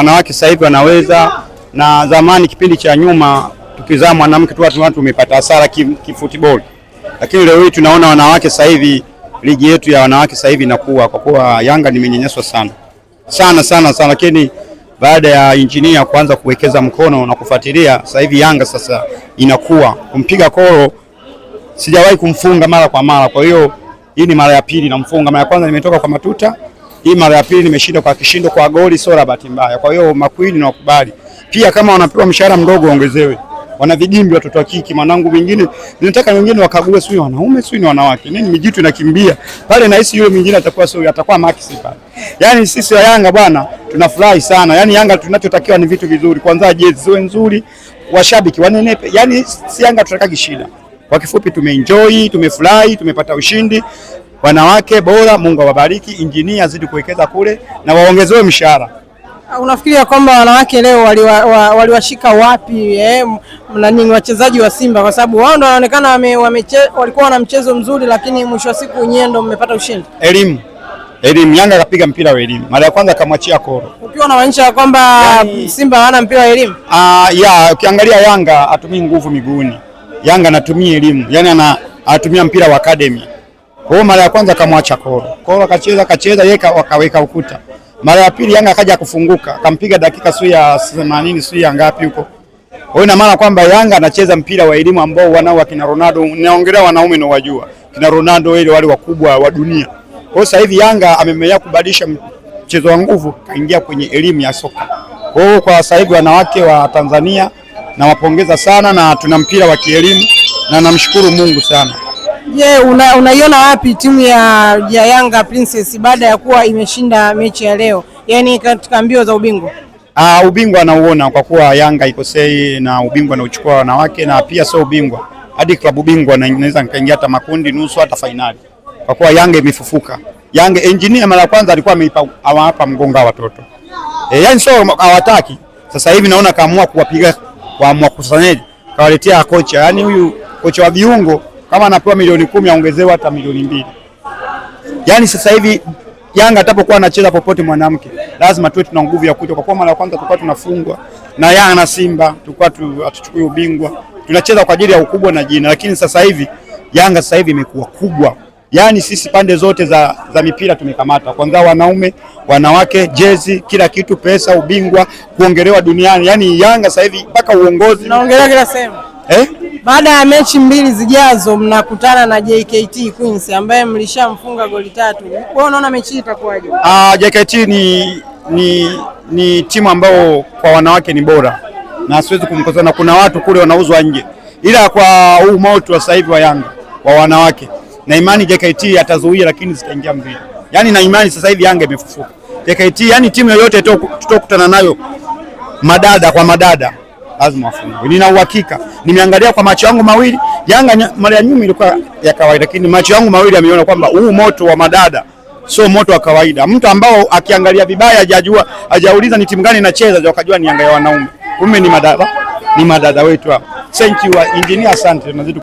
wanawake sasa hivi wanaweza, na zamani kipindi cha nyuma tukizaa mwanamke tu watu tumepata hasara kifutiboli ki, lakini leo hii tunaona wanawake sasa hivi ligi yetu ya wanawake sasa hivi inakuwa, kwa kuwa Yanga nimenyanyaswa sana sana sana sana, lakini baada ya injinia kuanza kuwekeza mkono na kufuatilia, sasa hivi Yanga sasa inakuwa kumpiga koro, sijawahi kumfunga mara kwa mara. Kwa hiyo hii ni mara ya pili namfunga. Mara ya kwanza nimetoka kwa matuta hii mara ya pili nimeshinda kwa kishindo kwa goli, sio la bahati mbaya. Kwa hiyo makwini na kukubali Pia kama wanapewa mshahara mdogo ongezewe. Wana vijimbi watoto wa kike, mwanangu mwingine ninataka wengine wakague, sio wanaume sio ni wanawake. Nini mijitu inakimbia. Pale na hisi yule mwingine atakuwa sio atakuwa max pale. Yani sisi wa Yanga bwana tunafurahi sana. yani. Yanga tunachotakiwa ni vitu vizuri. Kwanza jezi ziwe nzuri, washabiki wanenepe. Yani si Yanga tunataka kishida. Kwa kifupi tumeenjoy, tumefurahi, tumepata ushindi wanawake bora. Mungu awabariki, injinia azidi kuwekeza kule na waongezewe mshahara. Ah, unafikiria kwamba wanawake leo waliwashika wa, wali wapi eh, nani wachezaji wa Simba? Kwa sababu wao ndo wanaonekana walikuwa na mchezo mzuri, lakini mwisho wa siku nyewe ndo mmepata ushindi. Elimu elimu, Yanga akapiga mpira wa elimu mara ya kwanza, akamwachia koro, ukiwa unamaanisha kwamba yani, Simba hawana mpira wa elimu. Ah, ya ukiangalia Yanga atumii nguvu miguuni, Yanga anatumia elimu, yani anatumia mpira wa academy. Kwa hiyo mara ya kwanza akamwacha koro, kwa hiyo akacheza akacheza yeye wakaweka ukuta. Mara ya pili Yanga akaja kufunguka, akampiga dakika sio ya 80 sio ya ngapi huko. Kwa hiyo ina maana kwamba Yanga anacheza mpira wa elimu ambao wanao akina Ronaldo, naongelea wanaume na wajua kina Ronaldo ile wale wakubwa wa dunia. Kwa hiyo sasa hivi Yanga amemea kubadilisha mchezo wa nguvu, kaingia kwenye elimu ya soka. Kwa hiyo kwa sasa hivi wanawake wa Tanzania nawapongeza sana, na tuna mpira wa kielimu na namshukuru Mungu sana. Je, yeah, unaiona wapi timu ya, ya Yanga Princess baada ya kuwa imeshinda mechi ya leo, yaani katika mbio za ubingwa? Uh, ubingwa anauona kwa kuwa Yanga ikosei na ubingwa anauchukua wanawake, na pia sio ubingwa hadi klabu bingwa, na inaweza nikaingia hata makundi nusu, hata fainali, kwa kuwa Yanga imefufuka. Yanga engineer mara ya kwanza alikuwa hapa mgonga watoto e, eh, yani sio hawataki. Sasa hivi naona kaamua kuwapiga kwa mwakusanyaji, kawaletea kocha, yani huyu kocha wa viungo kama anapewa milioni kumi aongezewe hata milioni mbili. Yaani sasa hivi Yanga atapokuwa anacheza popote mwanamke lazima tuwe tuna nguvu ya kuja, kwa kuwa mara ya kwanza tulikuwa tunafungwa na Yanga na Simba, tulikuwa hatuchukui ubingwa, tunacheza kwa ajili ya ukubwa na jina. Lakini sasa hivi Yanga sasa hivi imekuwa kubwa, yaani sisi pande zote za, za mipira tumekamata, kwanza wanaume, wanawake, jezi, kila kitu, pesa, ubingwa, kuongelewa duniani. Yaani Yanga sasa hivi mpaka uongozi naongelea kila sehemu eh? baada ya mechi mbili zijazo mnakutana na JKT Queens ambaye mlishamfunga goli tatu. Wewe unaona mechi itakuwaje? Ah, JKT ni, ni, ni timu ambayo kwa wanawake ni bora na siwezi kumkosa, na kuna watu kule wanauzwa nje, ila kwa huu moto wa sasa hivi wa Yanga wa wanawake na imani JKT atazuia, lakini zitaingia mbili, yaani na imani sasa hivi Yanga imefufuka JKT, yani timu yoyote tutokutana nayo madada kwa madada lazima wafungwe. Nina uhakika, nimeangalia kwa macho yangu mawili. Yanga mara ya nyuma ilikuwa ya kawaida, lakini macho yangu mawili yameona kwamba huu moto wa madada sio moto wa kawaida. Mtu ambao akiangalia vibaya, hajajua hajauliza ni timu gani inacheza, wakajua ni Yanga ya wanaume, kumbe ni madada, ni madada wetu hapa. Thank you engineer, asante.